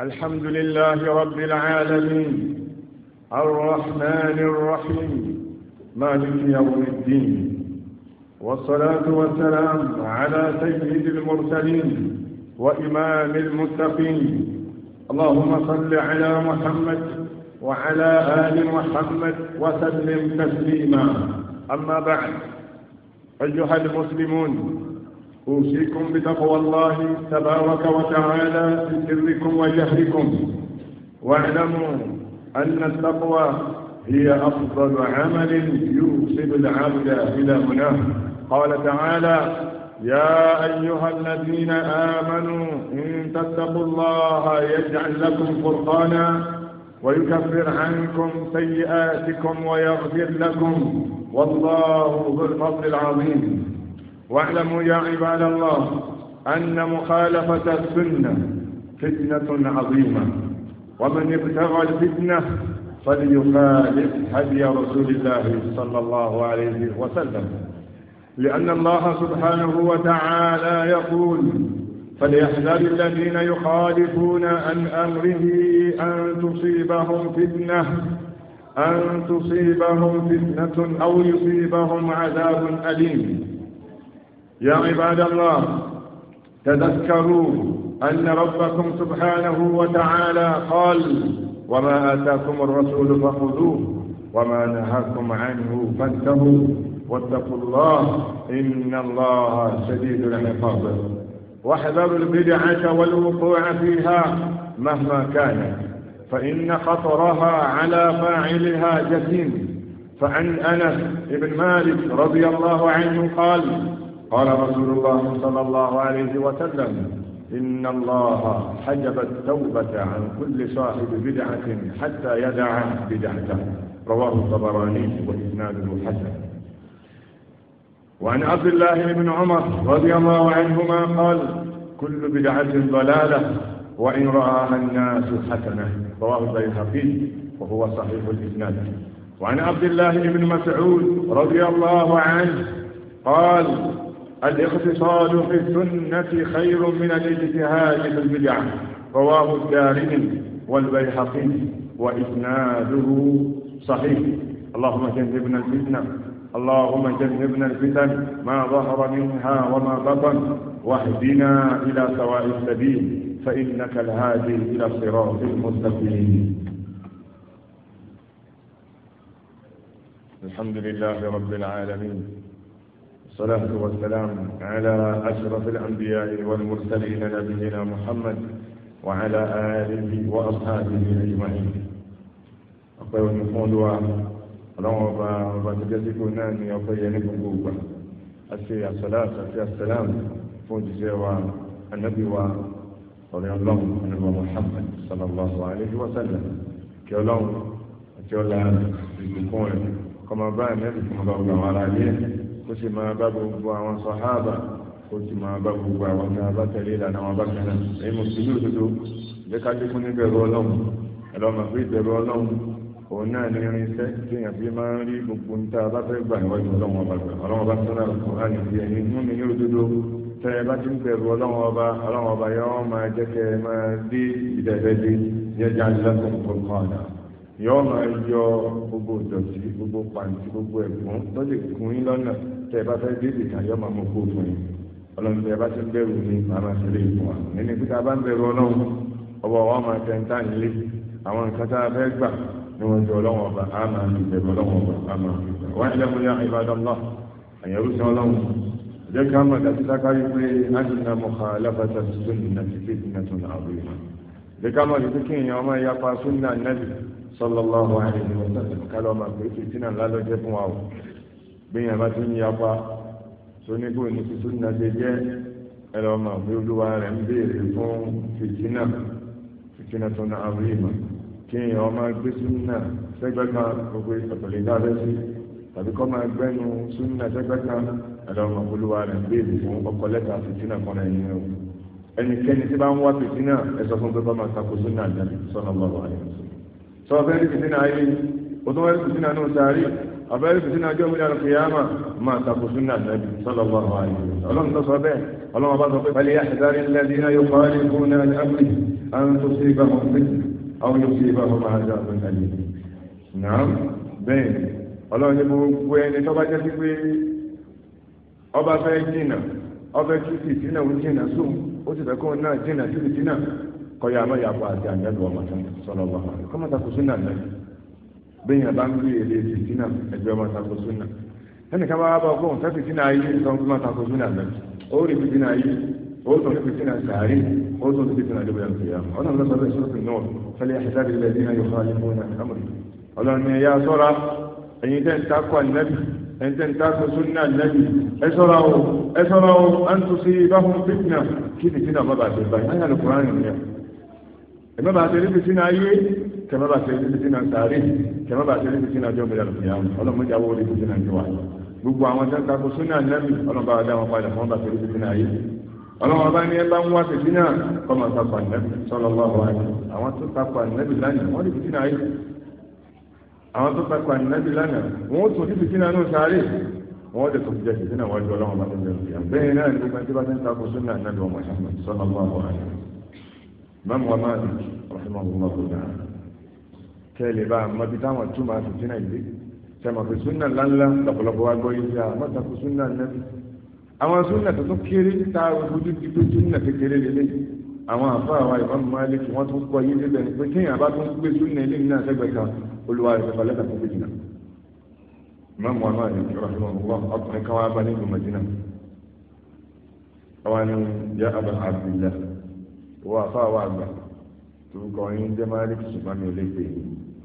الحمد لله رب العالمين الرحمن الرحيم مالك يوم الدين والصلاة والسلام على سيد المرسلين وإمام المتقين اللهم صل على محمد وعلى آل محمد وسلم تسليما أما بعد أيها المسلمون أوصيكم بتقوى الله تبارك وتعالى في سركم وجهركم واعلموا أن التقوى هي أفضل عمل يوصل العبد إلى مناه قال تعالى يا أيها الذين آمنوا إن تتقوا الله يجعل لكم فرقانا ويكفر عنكم سيئاتكم ويغفر لكم والله ذو الفضل العظيم واعلموا يا عباد الله أن مخالفة السنة فتنة عظيمة ومن ابتغى الفتنة فليخالف هدي رسول الله صلى الله عليه وسلم لأن الله سبحانه وتعالى يقول فليحذر الذين يخالفون عن أمره أن تصيبهم فتنة أن تصيبهم فتنة أو يصيبهم عذاب أليم يا عباد الله تذكروا أن ربكم سبحانه وتعالى قال وما آتاكم الرسول فخذوه وما نهاكم عنه فانتهوا واتقوا الله إن الله شديد العقاب واحذروا البدعة والوقوع فيها مهما كان فإن خطرها على فاعلها جسيم فعن أنس بن مالك رضي الله عنه قال قال رسول الله صلى الله عليه وسلم إن الله حجب التوبة عن كل صاحب بدعة حتى يدع بدعته رواه الطبراني وإسناده حسن وعن عبد الله بن عمر رضي الله عنهما قال كل بدعة ضلالة وإن رآها الناس حسنة رواه البيهقي وهو صحيح الإسناد وعن عبد الله بن مسعود رضي الله عنه قال الاقتصاد في السنة خير من الاجتهاد في البدعة رواه الدارمي والبيهقي وإسناده صحيح اللهم جنبنا الفتنة اللهم جنبنا الفتن ما ظهر منها وما بطن واهدنا إلى سواء السبيل فإنك الهادي إلى صراط المستقيم الحمد لله رب العالمين والصلاة والسلام على أشرف الأنبياء والمرسلين نبينا محمد وعلى آله وأصحابه أجمعين أقوى المفهود ولغبا وتجزكنا أن يقين بقوة أسي الصلاة أسي السلام فوجز النبي رضي الله عنه محمد صلى الله عليه وسلم كيولون كيولان في الكون كما بان يدفع الله على عليه kó sì máa bá gbogbo àwọn sàhábà kó sì máa bá gbogbo àwọn tá a bá tẹ̀lé ìlànà àwọn bákan náà èyí mùsùlùmí òdodo ìgbé kájú fún níbẹ̀rù ọlọ́run ẹ̀rọ mà ìbẹ̀rù ọlọ́run òun náà ní irinṣẹ́ tí èèyàn fi máa ń rí gbogbo ní tá a gbà níwájú ọlọ́run ọba gbà ọlọ́run ọba sọ́dọ̀ àlùkùránì bí ẹni mú mi ní òdodo tẹ́ ẹ bá ti ń bẹ̀rù ọlọ́run ọba ọlọ́run ọba yọ ọ́ máa jẹ́ kẹ́ ẹ máa dé ìdẹ̀ẹ́dẹ́ yẹ́jà lẹ́kùn kọ̀ọ̀kan ọ̀dà yọ máa yọ gbogbo ìdọ̀tí gbogbo pàǹtí gbogbo ẹ̀gbọ́n lọ́dẹ̀ tẹ́ ẹ bá fẹ́ dédè kan yọ máa mú kó fún yín ọlọ́run tẹ́ bá ti ń bẹ̀rù mi màá máa ṣẹlẹ̀ ìfún wa nínú pé bá ń bẹ̀rù ọlọ́run ọba wa máa tẹ ń tàn lé àwọn nǹkan tá a fẹ́ gbà ni wọ́n ti ọlọ́run ọba á máa fi bẹ̀rù ọlọ́run ọba á máa fi bẹ̀rù wá ilé fún yá ìbádọ́lá àyẹ̀wò sí ọlọ́run jẹ́ ká mọ̀ dájú lákàrí pé ánìyàn mọ̀ká alábàtà sunna ti fi ìdíná tó náà rí ma jẹ́ ká mọ̀ dájú kí èèyàn ọmọ ìyá pa sunna alaihi wasallam kálọ̀ máa pé fìtínà lálọ́jẹ́ fún bẹ́yìn àbá ti ń yapa sonígbò ní ti súnà ṣe jẹ́ ẹ̀rọ ọmọ olúwa rẹ̀ ń béèrè fún fìtínà fìtínà tó na àríyìnmá kí èèyàn ọmọ gbé súnà sẹ́gbẹ́ kan gbogbo ìpàtàlẹ́ dábẹ́ sí tàbí kọ́ máa gbẹ́nu súnà sẹ́gbẹ́ kan ẹ̀rọ ọmọ olúwa rẹ̀ ń béèrè fún ọkọ̀ lẹ́ta fìtínà kan náà yẹn o ẹnikẹ́ni tí bá ń wá fìtínà ẹ sọ fún pé kọ́ máa takò súnà àjàlè sọ́nà bàbá ọ̀bẹ̀rẹ̀ fìtí náà jọ́mú yàrá fìyàmà máa tako súnà nàbì sọ́lọ́wọ́ àyè ọlọ́run tó sọ bẹ́ẹ̀ ọlọ́run bá sọ pé pẹ̀lú yàtàrí lẹ́dí náà yóò parí fún náà ní ápùlì àwọn tó sí ibà wọn pé àwọn yóò sí ibà wọn máa dá àwọn àyè náà bẹ́ẹ̀ ọlọ́run ní gbogbo ẹni tó bá jẹ́ sí pé ọba fẹ́ jìnà ọbẹ̀ jìnà bẹ́ẹ̀ yẹn bá ń gbé èlé fìtínà ẹgbẹ́ ọmọ tako súnà ẹnì kan bá bá gbóhùn sẹ́ fìtínà ayé nǹkan tó máa tako súnà lẹ́nu ó rí fìtínà ayé ó tún rí fìtínà sàárì ó tún rí fìtínà lóbi àti ìyá ọ̀nà ló sọ bẹ́ẹ̀ sọ́kùn náà fẹ́lẹ́ àṣetàbí ilẹ̀ ní ayọ̀ fún alẹ́kùn náà kámọ̀rì ọlọ́run ni ẹ̀yà sọ́ra ẹ̀yin tẹ́ ń takọ ànábì ẹ̀yin ẹ kẹmẹ bá ṣe níbi sínú àtàrí kẹmẹ bá ṣe níbi sínú àjọ mẹ́ta lọ fìyà ọlọmọ ìjà wọlé níbi sínú àjọ wa gbogbo àwọn tó ń takò sínú ànábì ọlọmọ bá dá wọn padà fún bá ṣe níbi sínú àyè ọlọmọ bá ní ẹ bá ń wá fèsì náà kọmọ takò ànábì sọlọ bá wà ní àwọn tó takò ànábì lánàá wọn níbi sínú àyè àwọn tó takò ànábì lánàá wọn ó tún níbi sínú àná sáré wọn ó dẹ̀tọ̀ jẹ́ fèsì náà wájú ọlọmọ bá tó ń bẹ̀rẹ̀ bẹ́ẹ̀ náà nígbà tí bá ti ń takò sínú ànábì wọn mọ̀ sọlọ bá wà ní. Imam wa Malik rahimahullah ta'ala tẹ́lẹ̀ bá mọbi táwọn túmọ̀ àtúntìnà ìlú sẹ́mọ̀ pé súnà ńláńlá lọ́pọ̀lọpọ̀ wa gbọ́ yíyá mọ́ta kó súnà nẹ́bí àwọn súnà tuntun kéré tá a rojú ti pé súnà kékeré lélẹ̀ àwọn àfa àwa ìbámu Málíkì wọ́n tún kọ́ yé débẹ̀ ni pé kéèyàn bá tún gbé súnà ilé náà sẹ́gbẹ̀ẹ́ kan olùwà rẹ̀ sọ̀fà lẹ́tà tó gbé jìnnà mọ́mú àmọ́ àyè rahimahullah àwọn ni yá Aba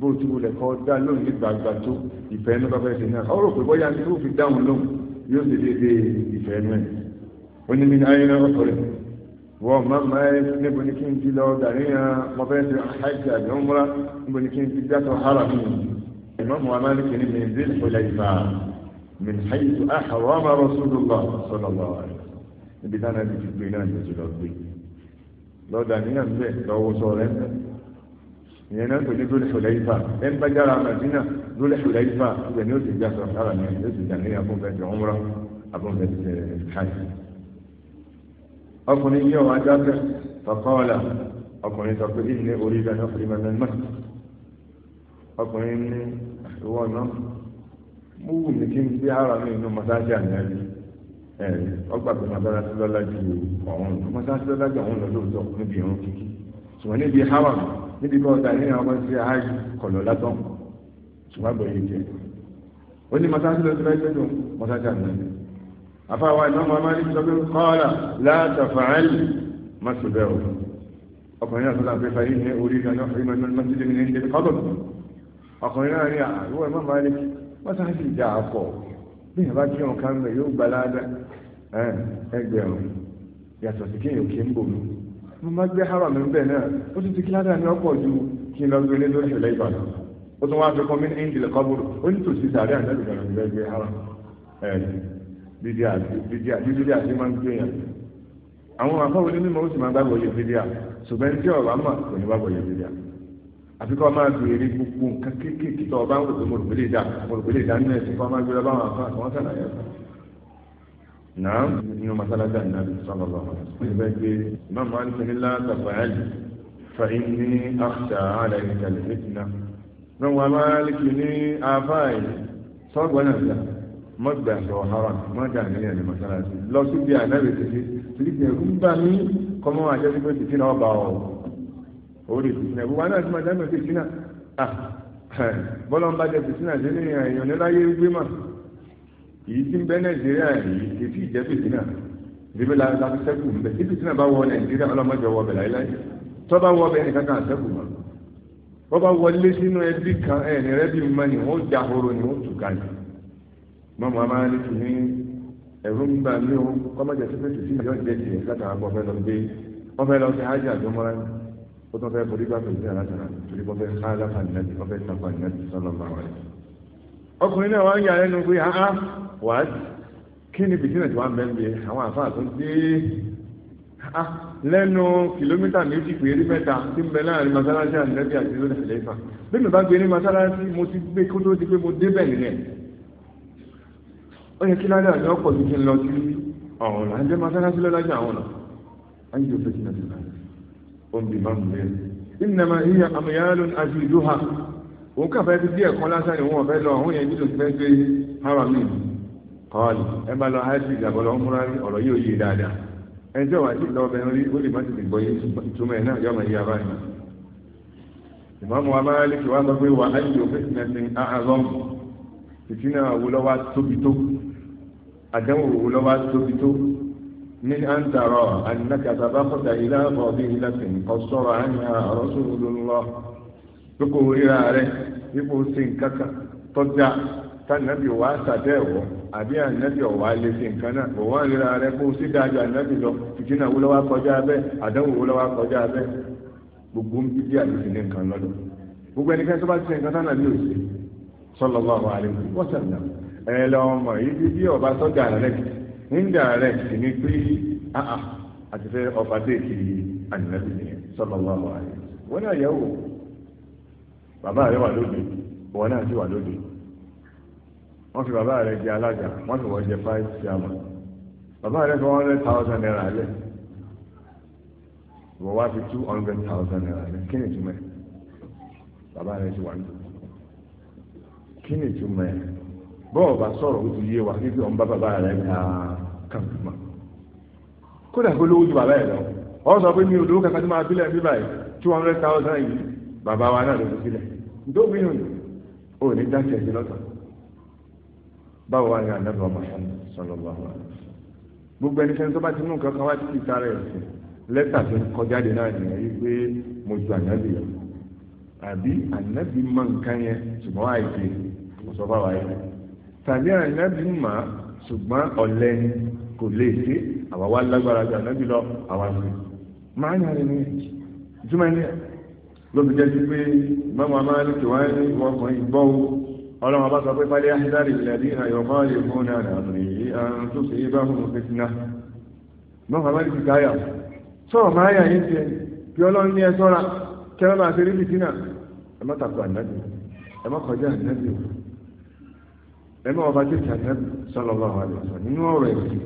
bó ti wulẹ̀ kọ́ dá lóhùn ní gbàgbà tó ìfẹ́ inú bá fẹ́ ṣe náà ọ̀rọ̀ pé bóyá ní tó fi dáhùn lóhùn yóò ṣe déédéé ìfẹ́ inú ẹ̀ ó ní mi ní ayé náà ọ̀tọ̀ rẹ̀ wọ́n máa ma ẹ níbo ni kí n ti lọ dàníyàn mo fẹ́ ṣe àìsí àbí ọmọlá níbo ni kí n ti dátọ̀ hàrà mi ìmọ̀mù amálìkì ni mi ní ìfọlẹ̀ ìfà mi ní ayé tó àhàwọ̀ àmà Rasulullah sallallahu alaihi níbi táwọn ẹbí ti gbé náà ní oṣù gbé lọ́dà níyàn bẹ́ẹ̀ lọ́wọ́ sọ̀rọ̀ ìyẹn náà tó ní dúlẹ̀ ṣùlẹ́yìnfà ẹ̀ ń bá jára màdínà dúlẹ̀ ṣùlẹ́yìnfà ibẹ̀ ni ó ti gbà sọ̀rọ̀ sára yẹn yóò ti gbà ní abúnfẹ́ ti ọmúra abúnfẹ́ ti ṣe ṣáì. ọkùnrin yìí ọ̀wá dákẹ́ fàkọ́ọ̀là ọkùnrin sọ pé ìdílé orí ìdáná fún ìmọ̀ ẹ̀mọ́ ọkùnrin ní ìwọ náà mú wù mí kí n gbé ara mi inú mọ́sáàsì àyàlí ọgbà pé mọ́sáàsì lọ́lá ju ọ̀hún mọ́sáàsì níbi kan ọ̀dà níyàn ọmọ sí ààyè kọ̀lọ̀ látọ̀ ṣùgbọ́n àgbọ̀ yìí jẹ́ ó ní mọ́sáàsì lọ́sí fẹ́ gbẹ́dọ̀ mọ́sáàsì àná afáwa ìnáwó amáyé sọ pé kọ́ọ̀là látàfààlì má sọ bẹ́ẹ̀ o ọkùnrin náà sọ́dọ̀ àpẹfà yìí ní orí ìdáná ìmọ̀ mọ́sídẹ̀ ní ẹni tẹ́lẹ̀ kọ́bọ̀ ọkùnrin náà ní àrùwọ̀ ẹ̀mọ́ máàlì mọ́sáàsì ìjà àpọ̀ bí ìyàbá kí wọn kàn mẹ́ yóò gbà mo máa gbé haram mi bẹ́ẹ̀ náà ó ti ti kí ládàá ní ọ̀pọ̀ ju kí n lọ gbé lé lórí ìlẹ̀ ìbàdàn ó tún wáá fi kọ́ mí ní ìdílé kọ́bùrù ó ní tòsí sàárẹ̀ àjẹ́lù kan ní gbé haram bídíà tí máa ń gbé yàn àwọn ní mímọ́ ó sì máa gbàgbọ́ yẹ ṣùgbọ́n tí ọ̀rọ̀ àmà kò ní gbàgbọ́ yẹ àfi kọ́ máa gbogbo nǹkan kéékèèké tó náà nínú masalasi ànábi sọlọlọ nígbà pé imam malik ní láta fàáyì fa inni akhsha alayhi al-fitna náà wọn malik ní afáì sọgbọn náà mọgbà lọ haram mọgbà nílẹ̀ ní masalasi lọ síbi ànábi títí títí ẹrú ń bá mi kọmọ àjẹsí pé títí náà bá ọ orí ìfìsínà ìwọ ah, náà ti máa dáná ìfìsínà bọ́lá ń bá jẹ ìfìsínà sí ní ẹ̀yàn níláyé gbé mọ́. èyí tí ń bẹ nàìjíríà yìí kìí jẹ́ fìtínà bíbí la la fi sẹ́kù ń bẹ tí i bá wọ nàìjíríà ọlọ́mọdé wọ bẹ̀ láyéláyé tó bá wọ bẹ̀ nìkan kan sẹ́kù mọ́ wọ́n bá wọlé sínú ẹbí kan ẹ̀ ní rẹ́bí mọ́ ni wọ́n já horo ni wọ́n tù ká ní. mọ́mọ́ máa ń tún ní ẹ̀rú ń o kọ́mọ́jà tó hajj ọkùnrin náà wá ń yà lẹ́nu pé áá wàá kí ni bìtínà tí wọ́n bẹ́ẹ̀ bẹ́ẹ̀ àwọn àfáà tó dé lẹ́nu kìlómítà méjì péré mẹ́ta tí ń bẹ láàrin masalasi àndẹ́bí àti lónà ìlẹ́fà bí mi bá gbé ní masalasi mo ti gbé kó tó di pé mo débẹ̀ nílẹ̀ ó yẹ kí ládàá ní ọ̀pọ̀ tó ti ń lọ sí ọ̀rọ̀ là ń jẹ́ masalasi lọ́lájà àwọn ọ̀nà ayé yóò ti bá ó ń bí máa mú lẹ́yìn ìnàmà ìyá òun kàn fẹ́ fi díẹ̀ kan lásán ni wọ́n fẹ́ lọ àwọn yẹn jíjù fẹ́ gbé haramí kọ́ọ̀lì ẹ bá lọ hajj ìjàgbọ́ lọ ń múra rí ọ̀rọ̀ yóò yé dáadáa ẹni tí wàá ti lọ ọbẹ̀ rí ó lè má ti lè yé ìtumọ̀ ẹ̀ náà yọ̀mọ̀ yé abáyé ìmọ̀mù amáyálẹ́kì wá sọ pé wà á yìí òfin mẹ́sìn ahazọ́m ìtinà òwò lọ́wọ́ tóbi tó ní àǹtàrọ̀ ànínákàtà pé kò ríra rẹ ipò sí nǹkan kan tọ́já tánàbí wàá sàdẹ́ ẹ̀wọ̀ àbí ànábì ọ̀wá lè fi nǹkan náà kò wọ́n ríra rẹ kó sí dájú ànábì lọ fìtínà wo lọ́wọ́ kọjá abẹ́ àdánwò wo lọ́wọ́ kọjá abẹ́ gbogbo ń bí bí àlùfín ní nǹkan lọ́dọ̀ gbogbo ẹnikẹ́ni tó bá ti nǹkan tánàbí ò sí sallallahu alaihi wasallam ẹ lọ ọmọ yìí bí ọba sọ́jà rẹ nígbà rẹ sì ní pé àti fẹ́ ọba dé kiri ànábì nìyẹn sallallahu alaihi wasallam bàbá rẹ wà lóde ìwọ náà sì wà lóde wọ́n fi bàbá rẹ jẹ alága wọ́n fi wọ́n jẹ five chairman bàbá rẹ fi one hundred thousand naira lẹ̀ ìwọ wá fi two hundred thousand naira lẹ̀ kí ni ìtumọ̀ bàbá rẹ ti wà lóde kí ni ìtumọ̀ bọ́ọ̀ bá sọ̀rọ̀ ó ti yé wa níbi ọ̀n bá bàbá rẹ ta kàmpùmá kódà kó lówó ju bàbá rẹ lọ ọ sọ pé mi ò lówó kankan tí máa bílẹ̀ bíbáyìí two hundred thousand yìí bàbá wa náà ló fi sílẹ̀ nítorí òní ò ní dá tẹ̀sí lọ́tọ̀ báwo wá ní ànábì wa Muhammad sallallahu alaihi wasallam gbogbo ẹni sẹ́ni tó bá ti mú nǹkan kan wá títí sára ẹ̀sìn lẹ́tà tó kọjáde náà nìyẹn yí pé mo ju ànábì yẹn àbí ànábì mọ nǹkan yẹn ṣùgbọ́n àìsè kò sọ fáwa yẹn tàbí ànábì mọ ṣùgbọ́n ọ̀lẹ ni kò lè ṣe àwa wá lágbára ju ànábì lọ àwa ṣe máa ń yàrá ẹni jùmọ̀ ló fi jẹ́ sí pé mọ́mọ́ máa ní tiwọn ní ọkùnrin gbọ́ o ọlọ́run bá sọ pé pálí áhídárì ìlẹ̀dí àyọ̀kọ́ lè fún ní àdàbìnrin yìí àrùn tó fi bá fún un fìtínà mọ́mọ́ máa ní ti káyà máa yà yín tiẹ̀ kí ọlọ́run ní ẹ sọ́ra kí máa ṣe rí fìtínà ẹ má tàkù ẹ má kọjá ẹ má ọba tètè nínú ọ̀rọ̀ ẹ̀sìn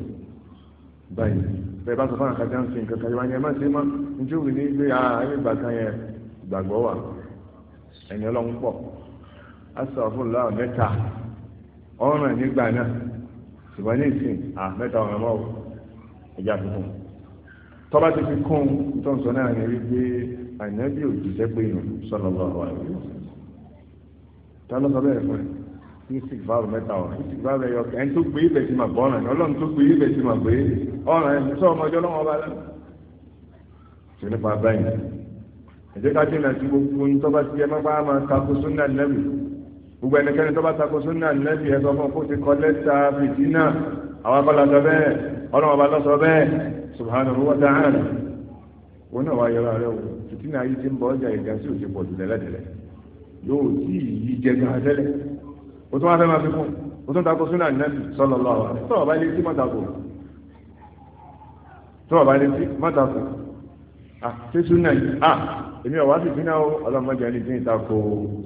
báyìí bẹ́ẹ̀ bá sọ Gbagbowa wà ẹni ọlọ́run pọ̀ asàfúnlá mẹ́ta ọ̀ràn nígbà náà ṣùgbọ́n ní ìsìn à mẹ́ta ọ̀ràn mọ́ ẹja tuntun tọ́ba ti fi kún tó ń sọ náà ní wípé ànábì pé sọ̀rọ̀ lọ́wọ́ àwọn ìlú bẹ́ẹ̀ fún ẹ mẹ́ta ẹni tó gbé ibẹ̀ ti mà gbọ́ ọlọ́run tó gbé ibẹ̀ ti mà gbé ẹ̀jẹ̀ ká jìnnà sí gbogbo yín tó bá ti yẹ mọ́pá máa tako súnà nẹ́bì gbogbo ẹnikẹ́ni tó bá tako súnà nẹ́bì ẹ̀ sọ fún kó ti kọ́ lẹ́tà fìdínà àwọn abala sọ bẹ́ẹ̀ ọlọ́run ọba lọ́sọ bẹ́ẹ̀ subhanahu wa ta'ala wọn náà wá yọra rẹ o fìdínà yìí ti ń bọ̀ ọjà ìgbà sí òsì pọ̀ tìlẹ̀lẹ̀tìlẹ̀ yóò tí yìí jẹ gan èmi ọ̀wá sì fi náà ọlọ́mọdé ẹni tí ń takò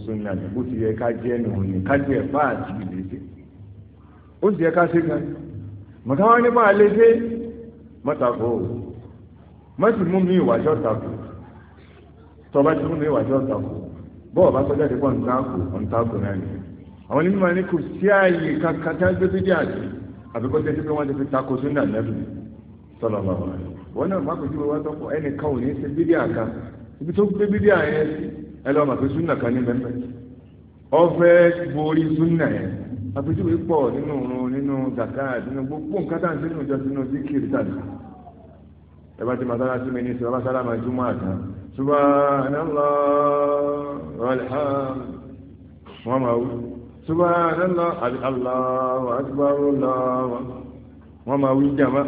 sunna ní bó ti yẹ ká jẹ́ nù ní ká jẹ́ ẹ̀fà àti ìlẹ́sẹ̀ ó sì yẹ ká ṣe gan mọ̀tá wọn nípa àlejò mọ́tàkó mọ́tì mú mi ìwàjọ́ takò tọba tí mú mi ìwàjọ́ takò bọ́ọ̀ bá sọ́jà ti pọ̀ ntakò ntakò náà ni àwọn onímọ̀ ní kò sí ààyè kankan tí wọ́n gbé fídíò àti àbíkọ́ tẹ́tí pé wọ́n ti fi takò sunna nẹ́bí sọlọ́ọ̀ wọn náà má kò sí wọn wá tọ́kọ ẹnì kan ò ní í ṣe fídíò kan ibi tó gbé bídí àyẹn sí ẹ lọ́ọ́ màpé súnà kan ní mẹ́mẹ́ ọ̀fẹ́ borí súnà yẹn àpèjúwe pọ̀ nínú òrun nínú zakat nínú gbogbo nǹkan tá à ń sínú ìjọ sínú zikiri tàbí ẹ bá ti masalasi mi ní sọ bá sálámà ìtumọ̀ àtà subhanallah walhamd wọn máa wú subhanallah allahu akbar allah wọn máa wú jàmá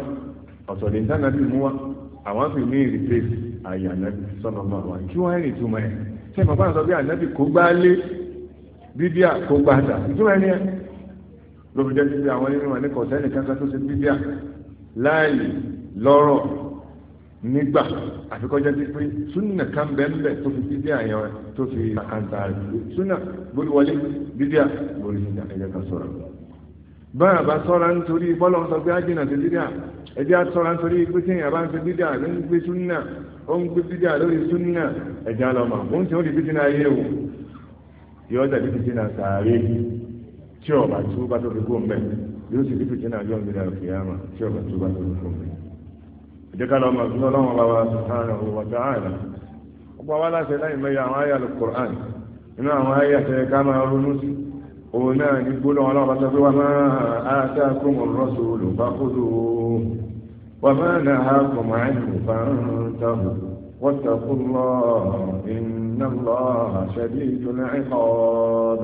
ọ̀sọ̀dẹ̀ ntánàbí mú wa àwọn fi mí rìpéṣì ayé ànábì sọ́nà máa wà kí wọ́n rìn túmọ̀ ẹ̀ ṣé bàbá àtọ́ bí ànábì kó gbá lé bíbíà kó gbá dà ìtumọ̀ ẹni ẹ̀ lóbi jẹ́ bíbíà àwọn nínú ẹ̀ ní kọ̀ọ̀sẹ́ nìkan kan tó ṣe bíbíà láàyè lọ́rọ̀ nígbà àfikọ́jẹ́ ti pé súnà kan bẹ́ẹ̀ tó fi bíbíà yẹn tó fi àkàntà rẹ̀ súnà bóríwọlé bíbíà bórí ẹ̀jẹ̀ kan sọ̀rọ̀ báyà bá sọ́ra nítorí bọ́lọ̀ sọ pé ájìnà sí dídà ẹjẹ́ àtọ́ra nítorí pé tí èèyàn bá ń ṣe dídà ló ń gbé ị ó ń gbé dídà lórí súnà ẹ̀jẹ̀ àlọ́mà òun tí ó di ayé o yọ ọjà bí sàárè tí ọba tó bá tó fi kó mbẹ yóò sì bí bídínà yọ tí tó bá tó fi kó ká fún ọlọ́run òun náà ní gbólóhùn ọlọ́run bá sọ pé wà máa ataakumu rasulu fakhudhuhu wà máa nahakum anhu fantahu wattaqullaha inna Allaha shadidul iqab.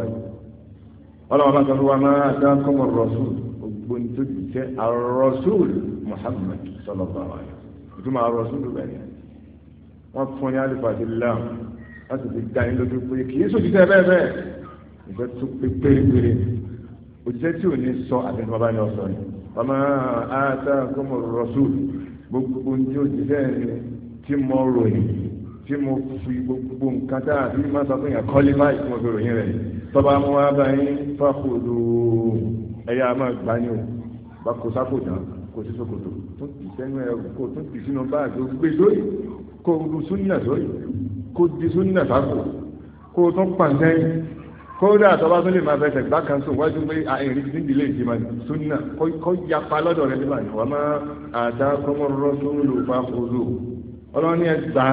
ọlọ́run bá sọ pé wà máa ataakumu rasulu gbogbo ní tó ti tẹ ar-rasul Muhammad sallallahu alaihi wasallam ìtumọ̀ ar-rasul bẹ̀rẹ̀ wọ́n fún ní alifàdí láàmù láti fi dá yín lójú pé kì í sòtítẹ́ ìgbẹ́ tó pé pérépéré òjijẹ́ tí ò ní sọ àbẹ̀tí bàbá ni ọ̀sọ̀ ni bàmá àtà kọ́mọ rasul gbogbo ní òjijẹ́ tí mo ròyìn tí mo fi gbogbo nǹkan tá a fi máa sọ fún yàn kọ́lé báyìí tí mo fi ròyìn rẹ̀ tọ́ba mú wá báyìí fàkòdò ẹ̀yà máa gbá ní o bá kó sápò náà kò sí ṣòkòtò tún tì sẹ́nu ẹ̀rọ kò tún tì sínú báàgì gbé sórí kó lu súnà sórí kó di súnà sápò kó tún pàǹtẹ́yìn kódà tọba tó lè máa fẹsẹ̀ gbá kan sùn wájú pé àìrí ti ń dilé ìjìmá súnà kó yapa lọ́dọ̀ rẹ nígbà ní wàá máa àdá kọ́mọ́rọ́ tó ń lò bá oru ọlọ́run ní ẹgbà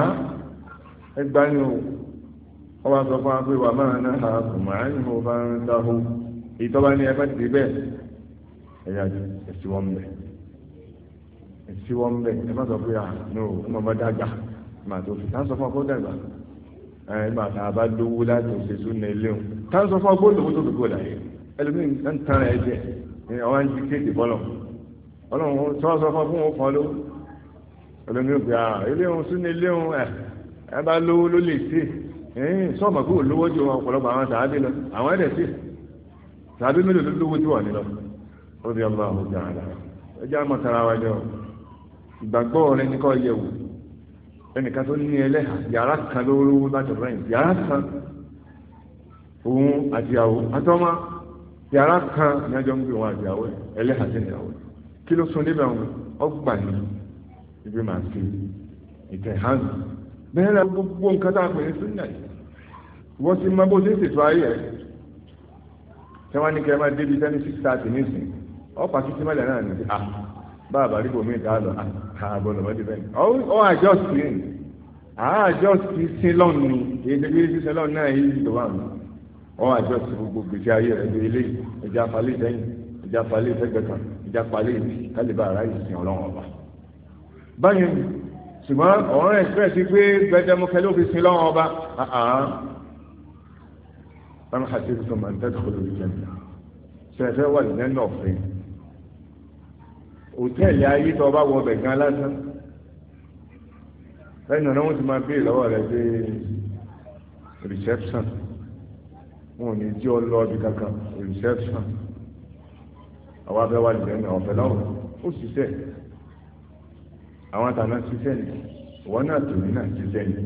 ẹgbà ni o wọ́n wá sọ fún wa pé wàá máa náà kò máa ń mọ bá ń dáhùn ìtọ́ba ní ẹgbẹ́ ti bẹ́ẹ̀ ẹ̀yà ẹ̀sìn wọn bẹ̀ ẹ̀sìn wọn bẹ̀ ẹ má sọ pé à no ọmọ bá dàgbà màá tó fi ká sọ fún wa kó dàgbà nígbà tá a bá lówó láti ṣe súnà ilé o táwọn sọ fún ọ bóòlù owó tó fi kó láyé ẹlòmíín ń tan ẹ jẹ ọwọ́ ń di kéèkì bọ́lọ̀ ọlọ́run tí wọ́n sọ fún ọ fún ah, wọn fún ọ lówó ẹlòmíín gbé a ilé òun súnà ilé òun ẹ ẹ bá lówó ló lè ṣe ẹ̀yìn sọ́ọ̀mù kó lówó ju ọ̀pọ̀lọpọ̀ àwọn tàbí lọ àwọn ẹ̀dẹ̀ sí tàbí mélòó ló lówó tí wà ní lọ ó di ọlọ́run ọ̀gá àlà ẹjẹ́ àmọ̀tara wa jẹ́ ìgbàgbọ́ rẹ ní kọ́ yẹ wò ẹnìkan tó ní ẹlẹ́hà yàrá kan lówó láti rẹ̀ yàrá kan òun àtìyàwó àtọ́mọ́ yàrá kan ní ajọ́ ń gbé wọn àtìyàwó ẹlẹ́hà sí ìyàwó kí ló sún débẹ̀ wọn ọgbà ní ibi màá fi ìtẹ̀hánu bẹ́ẹ̀ la gbogbo nǹkan tá a pè ní sunna yìí wọ́n ti máa bó ṣe ń ṣètò ayé ẹ̀ tẹ́wọ́n ní kẹ́ ẹ máa débi tẹ́ni six thirty nísìnyí ọ̀pá títí mẹ́lẹ̀ náà nìyí báàbá rí bòmí ìdá lọ àgbọ̀nà ah, ah, mọ́tì bẹ́ẹ̀ ọ àjọ sí ni àjọ sí sílọ́ọ̀n ni èdè bí sí sílọ́ọ̀n náà yìí tó wà mí ọ àjọ sí gbogbo gbèsè ayé rẹ bí ilé ìjà falẹ̀ sẹ́yìn ìjà falẹ̀ sẹ́gbẹ̀kan ìjà falẹ̀ kálíbà ara yìí sìn ọlọ́run ọba báyìí ṣùgbọ́n ọ̀rọ̀ ẹ̀sìpẹ́ sí pé gbẹdẹmukẹ́ ló fi sin lọ́wọ́ ọba ọ̀hún àti ìfọ̀mọ̀ ń tẹ́tù kọlọ́ọ̀lù jẹ́ ṣẹ̀fẹ́ wà lẹ́nu ọ̀fìn òtẹ́ẹ̀lì ayé tó ọba wọ ọbẹ̀ gan lásán lẹ́yìn ọ̀nà wọn ti máa béèrè lọ́wọ́ rẹ pé reception wọn ò ní tí ọ lọ ọbì kankan reception àwọn abẹ́wà lẹ́yìn náà ọ̀fẹ́ lọ́wọ́ ó ṣiṣẹ́ àwọn àtàná ṣiṣẹ́ ni wọn náà tòun náà ṣiṣẹ́ ni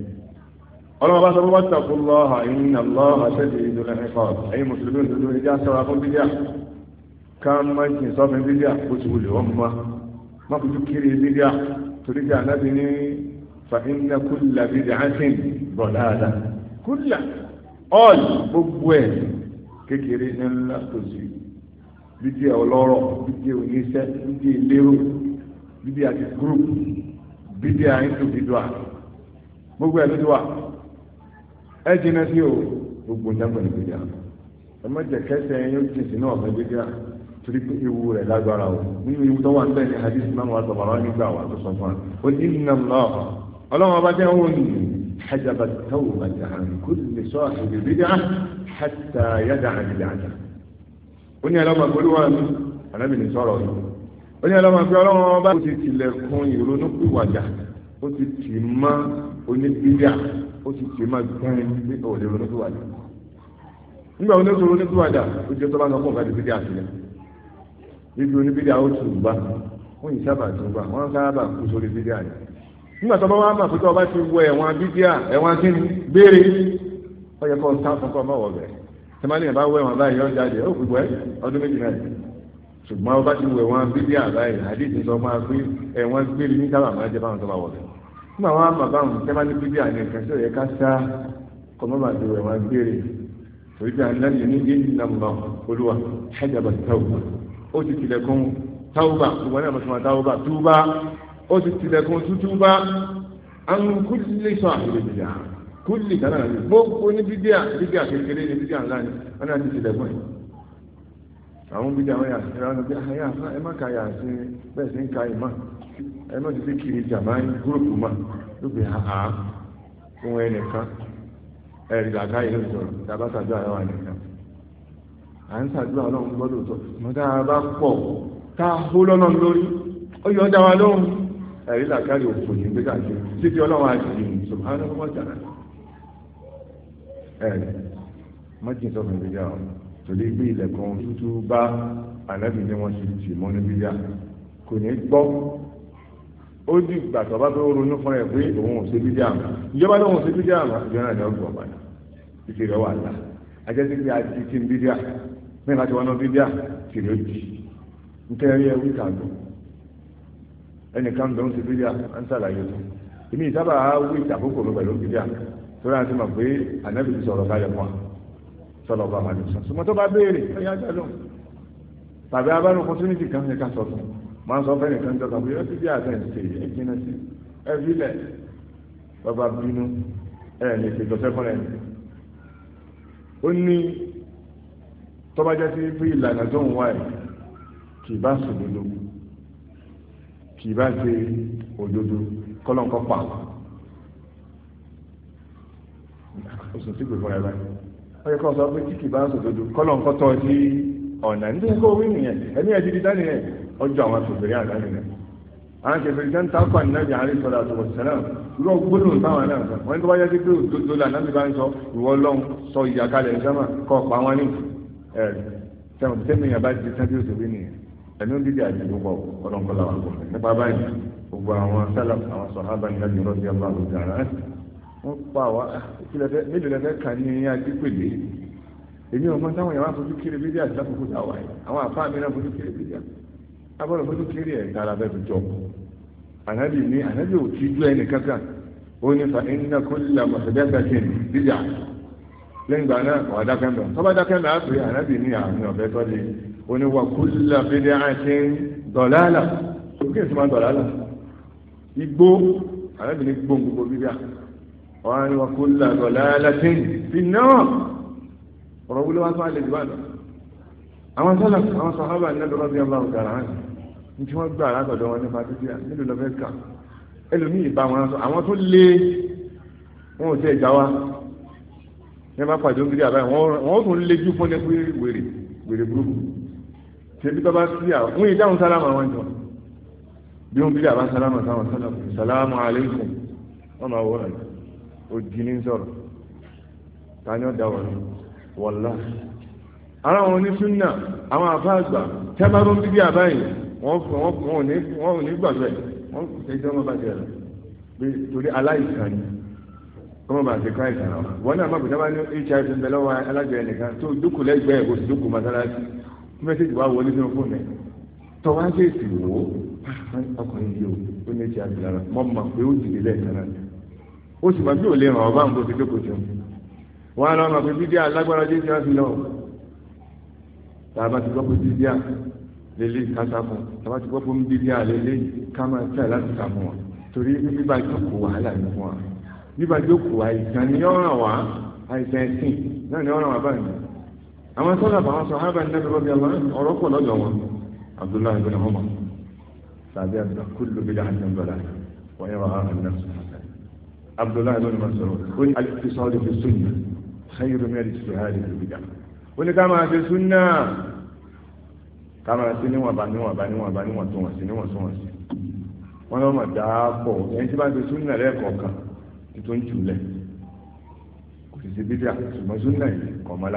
ọlọ́wọ́ bá sọ fún wọn tàkùn lọ́hà ìnà lọ́hà ṣẹ́ẹ̀dì ìdúró ẹ̀fọ́ ẹ̀yin mùsùlùmí ìdúró ìdí àṣọ ká má jìn sọ́fin bídíà bó ti wulẹ̀ wọ́n mọ́ má kojú kiri bídíà torí pé ànábi ní fa inna kulla bid'atin dalala kulla all gbogbo ẹ̀ kékeré ní ńlá tòsí bídíà ọlọ́rọ̀ bídíà oníṣẹ́ bídíà ìlérò bídíà ti group bídíà individual gbogbo ẹ̀ ló ti wà ẹ jìnnà sí o gbogbo ìjàngbọ̀n ìgbéjà ẹ má jẹ kẹsẹ̀ yín ó jìn sínú ọ̀fẹ́ gbéjà torí pé ewu rẹ̀ lágbára o nínú ewu tó wà ń bẹ̀rẹ̀ hadith náà wà sọ̀rọ̀ nígbà wà tó sọ fún wa ó ní ìnà náà ọlọ́run ọba jẹ́ òun nìyí hajjaba tawù bàtà àmì kò sì lè sọ àṣìlè bí dáa hàtà yàda àmìlẹ àjà ó ní ẹlọ́mà pẹ̀lú wa mi àlámì ní sọ̀rọ̀ yìí ó ní ẹlọ́mà pé ọlọ́run ọba ó ti tilẹ̀kùn ìrònú pìwàdà ó ti tì má oníbíyà ó ti tì má gbẹ́rin ní òde ìrònú pìwàdà nígbà oníṣòro onípìwàdà ó jẹ́ tó bá ń sọ fún bíbí oníbídà ó tún bá wọn yìí sábà tún bá wọn sábà kú sórí bídà yìí nígbà tó bá wà mà pé tó ti wọ ẹ̀wọ̀n bídíà ẹ̀wọ̀n kí ni béèrè ó yẹ kó sá fún kó má wọ̀ bẹ̀ tí wọ báyìí ó gbogbo ọdún méjì náà ti wọ báyìí àdéhùn sọ máa ní sábà máa jẹ báwọn tó bá ó ti tilẹ̀kùn táwùbà gbogbo náà mọ̀tò máa táwùbà ó ti tilẹ̀kùn tútúbà àwọn kúlì sọ àṣírí bìyà kúlì kanáà ní gbogbo ní bídíà bídíà kékeré ní bídíà ńlá ni wọn náà ti tilẹ̀kùn àwọn wọn yà sí ẹran ayé àfa ẹ má ka yà sí bẹ́ẹ̀ sí ń ka ìmá ẹ má ti fi kiri gúrùpù mà ha ha fún ẹnìkan ló sọ̀rọ̀ à ń ṣàdúrà ọlọ́run gbọ́dọ̀ tọ́ mọ tá a bá pọ̀ tá a hó lọ́nà lórí ó yọ dá wa lóhùn ẹ̀rí làkàrí òfò ní gbé káàkiri títí ọlọ́run àti subhanahu wa ta'ala ẹ̀rí mọ́jìn sọ́kùn ìgbéjà ọ̀ torí gbé ilẹ̀kùn tútù bá ànábì ni wọ́n ti tì mọ́ níbí yá kò ní gbọ́ ó di ìgbà tó bá fẹ́ ronú fún ẹ pé òun ò ṣe bídí àmà ìjọba ló ṣe bídí àmà ìjọba ni ó gbọ̀ padà wà lá ajẹ́sí pé a ti ti ń bídí mẹ́rin láti wọnú bíbíà tìrì òjì nítorí ẹ wíkà lọ ẹnìkan lòún ti bíbíà ń sàlàyé tó èmi ìsábà wí ìtàkókò mi pẹ̀lú bíbíà tó láti mọ̀ pé ànábì ti sọ̀rọ̀ kalẹ̀ fún wa sọ̀rọ̀ bá màdùn sọ sùmọ́ tó bá béèrè ẹ̀yà ajá lọ tàbí abánu opportunity kan ní ká sọ fún máa sọ fẹ́ nìkan jọ kàbí ẹbí bí àtẹ̀ ṣe é jìnnà sí ẹbí lẹ̀ bàbá bínú ẹ̀ lè ṣèjọsẹ́ fún ẹ̀ ó ní tọ́ba jẹ́ sí pé ìlànà tó ń wá ẹ̀ kì í bá sòdodo kì í bá ṣe òdodo kọ́lọ́ǹkọ́ pa àwọn. oṣù tí kò fọyà báyìí wọ́n yẹ kó sọ pé tí kì bá sòdodo kọ́lọ́ǹkọ́ tọ́ sí ọ̀nà nítorí kó wí nìyẹn ẹni ẹ̀ ti di dání yẹn ọjọ́ àwọn sòfèrè àdáni yẹn àwọn kẹfìrì tẹ́ ń ta pa nínú ìyàrá ìsọdọ̀ àtọwọ̀ sẹ́lẹ̀ irú ọgbọ́dọ̀ táwọn náà sọ wọ́n ní tó bá yẹ kí pé òdodo là náà ti bá ń sọ ìwọ lọ́n sọ ìyàkalẹ̀ ìsẹ́mà kọ́ pa wọn ní ẹ̀rí sẹ́wọ̀n tẹ́mi yàrá ti sábì òṣèlú nìyẹn ẹ̀mí ń dídí àjẹ́ púpọ̀ ọlọ́nkọ́lá wà lọ́wọ́ nípa báyìí gbogbo àwọn sálà àwọn sọ̀hábà ní láti rọ́ọ̀dì ọba àlùjá rẹ̀ wọ́n pa wá nílùú ah, lẹ́fẹ́ kà ní ẹ̀yìn àdípèlé èmi ò mọ táwọn yàrá fojú kiri bídí àti lákòókò tá a àwọn àfa mi náà fojú kiri bídí àbọ̀rọ̀ fojú kiri ẹ̀ dára bẹ́ẹ̀ fi jọ ànábì ní ànábì ò lẹ́yìn ìgbà náà wà dákẹ́ mbẹ́ tọ́ba dákẹ́ mbẹ́ á pè é ànábì ní àmì ọ̀fẹ́ tọ́lé oníwà kúlà bídẹ́ àti dọ̀làlà kí èsì máa dọ̀làlà igbó ànábì ní gbó gbogbo bídẹ́ wọn ni wà kúlà dọ̀làlà tí fi náà ọ̀rọ̀ wúlé wá tó àlè jù bá lọ. àwọn sọ́là àwọn sàhábà ní ọ̀dọ́ bí ọba ọ̀gá rán ní tí wọ́n gbà látọ̀dọ̀ wọn nípa títí nílùú lọ́fẹ́ kà ẹlòmíì bá wọn sọ àwọn tó lé wọn ò tẹ̀ já wa ní wọn bá pàjọ gidi àbáyé wọn ò tún léjú fún ní pé wèrè wèrè burúkú ṣebí bá bá sí àwọn wọn yìí dáhùn sálámà wọn jọ bí wọn bílẹ̀ àbá sálámà sáwọn sálámà sálámà aleikum wọn máa wọrọ yìí òjì ní sọ̀rọ̀ tani ọ̀dà wọn wọlá ara wọn ní súnà àwọn àfa àgbà tẹ́bà ló ń bíbí àbáyé wọn wọn ò ní gbàgbẹ́ wọn kò tẹ́jọ́ wọn bá jẹ́ rẹ̀ torí aláìsàn ni kọ́mọ̀ bá ti christ náà wọ́n náà má bùtá bá ní hiv ń bẹ lọ́wọ́ alájọ ẹnìkan tó dúkù lẹ́gbẹ̀ẹ́ kò sì dúkù mọ́sálásí mẹ́sẹ̀jì wá wọlé sínú fóònù ẹ̀ tọ́ wá sí èsì wò ó ah, ọkùnrin yìí ó ní hiv lára mọ́ mọ̀ pé ó dìde lẹ́ẹ̀kan náà ó sì mọ̀ bí ò lè ràn ọ́ bá ń bó ti dúkù sí wọn lọ mọ̀ pé bídíà lágbára dé tí wọ́n fi lọ tàbá ti gbọ́ pé bídíà lélẹ́ kásáfún tàbá ti gbọ́ pé bídíà lélẹ́ ká tẹ̀ láti sàmù wọn torí bíbá ìjókòó wàhálà ní fún wa bíbá jókòó àìsàn ni yọ ràn wá àìsàn ẹ̀sìn náà ni yọ ràn wá báyìí àwọn sọ́dà àwọn sọ hábà ní ẹgbẹ́ bọ́bí ọlọ́ ọ̀rọ̀ pọ̀ lọ́dọ̀ wọn abdullahi ibn umar sàbí abdul kullu bi láti ń bọ̀lá wọ́n yẹ wà náà abdullahi ibn umar sọ̀rọ̀ ó ní alifisọ́ sọ́ọ́dọ̀ fi sunna khayru min al-ijtihadi fi bid'ah ó ní ká máa fi sunna ká máa sí níwọ̀nba níwọ̀nba níwọ̀nba níwọ̀n tó wọ̀n sí níwọ̀n tó wọ̀n sí wọ́n lọ́ mọ̀ dáa ẹni tí bá ti sunna lẹ́ẹ̀kọ̀ọ̀kan tó ń jùlẹ̀ kò sì sí bídíà ṣùgbọ́n súnà yìí kọ̀ mọ́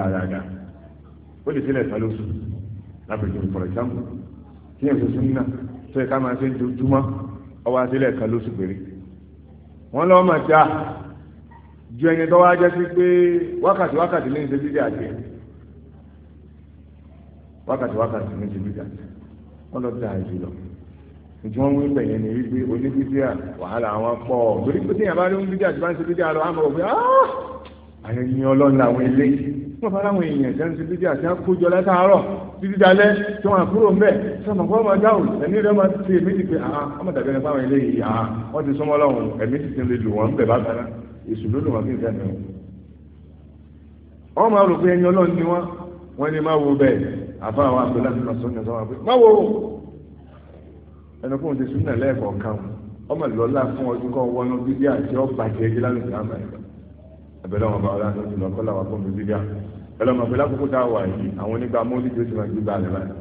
ó lè sílẹ̀ sá lóṣù for example kí ẹ̀ súnà tó yẹ ká máa ṣe péré wọ́n ah, ju ẹni tó wáá jẹ́ sí pé wákàtí wákàtí ní ṣe wákàtí wákàtí ìtí wọ́n wí bẹ̀yẹn ni wípé oníbíbíà wàhálà àwọn pọ̀ torí pé téèyàn bá rí oníbíbíà ah! tí wọ́n ń ṣe bíbíà lọ àmọ̀ òfin àwọn ènìyàn ọlọ́run làwọn eléyìí wọ́n fara àwọn èèyàn tí wọ́n ti bíbí àti àkójọ látàárọ̀ títí dalẹ́ tí wọ́n àkúrò ń bẹ̀ sọ́mọ̀ kọ́ máa dáhùn ẹ̀mí rẹ̀ máa ti èmi ti pé àá ọmọ tàbí ẹni fáwọn eléyìí àá ah, wọ́n ti súnmọ́ lọ́hùn ẹ̀mí ti ti lè lù wọ́n ń bẹ̀ bákan náà èṣù ló lù wọ́n kí n fẹ́ mi. wọ́n máa rò pé ẹni ọlọ́run ni wọ́n wọ́n ní má wo bẹ́ẹ̀ àfa àwọn àgbẹ̀ láti máa sọ́nyà sọ́wọ́n ẹnu kóun ti súnà lẹ́ẹ̀kọ̀ọ̀kan ọmọ ìlọ́lá fún ọdún kan wọnú bíbí àti ọ̀pá jẹ́jẹ́ lánàá ìlú àmà ìlú ẹ̀bẹ̀rẹ̀ wọn bá wọn lánàá ìlú ọkọlá wà fún bíbí àmà ẹ̀rọ mọ̀ pé lákòókò tá a wà yìí àwọn onígbà mọ́lídì ó ti máa gbé balẹ̀ báyìí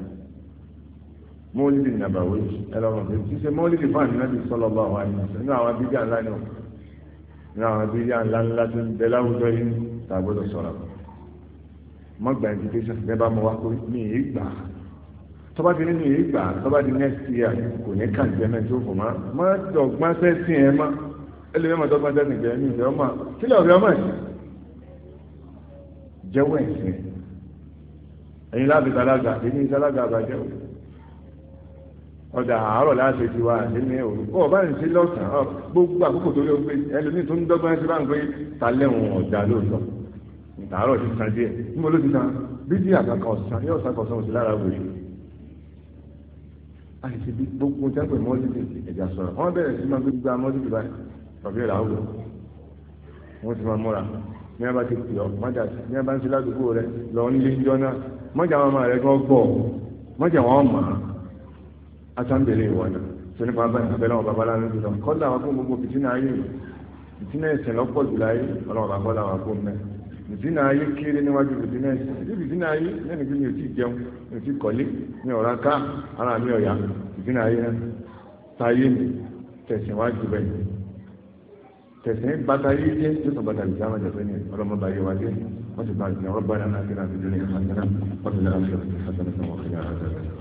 mọ́lídì nàbàwé ẹ̀rọ mọ̀ pé kí ṣe mọ́lídì fún àmì náà ti sọ́lọ́ bá wa yìí nínú àwọn bíbí àńlá ni ó nínú àwọn bíbí àńlá ńlá tó ń bẹ láwùjọ yìí tá a gbọ́dọ̀ tọ́ba ti nínú yìí gbà tọ́ba di next year kò ní kàn jẹ́ mẹ́tí ó fò má má dọ̀gbọ́n sẹ́sìn ẹ̀ má ẹlẹ́yìn má dọ̀gbọ́n sẹ́sìn jẹ́ ní ìfẹ́ ọmọ kílẹ̀ ọ̀fẹ́ ọmọ yìí jẹ́wọ́ ẹ̀sìn ẹ̀yin láti sálága èyí sálága àbájẹ́ o ọjà àárọ̀ láti ti wá àti ní òru kó ọba ń sí lọ́sàn-án gbogbo àkókò tó yọ pé ẹlòmíì tó ń dọ́gbọ́n sí bá ń pé ta lẹ́hùn ọ̀dà lóòótọ́ ìtàárọ̀ ti san ọ̀sán yóò sàkọsán òsì lára wòye àìsí bí gbogbo ń tẹ́pẹ̀ mọ́lìdì ẹ̀jà sọ̀rọ̀ wọ́n bẹ̀rẹ̀ sí máa gbégbá mọ́lìdì báyìí tọ́bí ìlà òwò wọ́n ti máa múra ní a bá ti pè ọ́ mọ́jà ní a bá ń ṣe ládùúgbò rẹ lọ nílé ìjọ náà mọ́jà wọn máa rẹ kọ́ gbọ́ mọ́jà wọn mọ̀ á sáńbẹ̀lẹ̀ ìwọ náà tó nípa abẹ́lẹ́ wọn babalá ní jùlọ kọ́lá wọn kó gbogbo fìtínà ayé fìtínà ẹ̀sìn lọ́pọ̀ jùlọ ayé ọlọ́wọ́ bá kọ́lá wọn kó mẹ́rin bìtínà ayé kéré níwájú bìtínà ẹ̀sìn ní bìtínà ayé lẹ́nu pé mi ò tí ì jẹun mi ò tí ì kọ́lé mi ò ra ká ara mi ò yá bìtínà ayé náà táyé mi tẹ̀sìn wá jù bẹ́ẹ̀ tẹ̀sìn bàtà yé jẹ́ tó sọ bàtà ìjà máa jẹ̀fẹ́ ni ọlọ́mọba yé wa jẹ́ wọ́n ti bá a jẹ́ ọlọ́ba náà náà kí náà fi dúró ní ìfàsẹ́nà wọ́n ti lọ́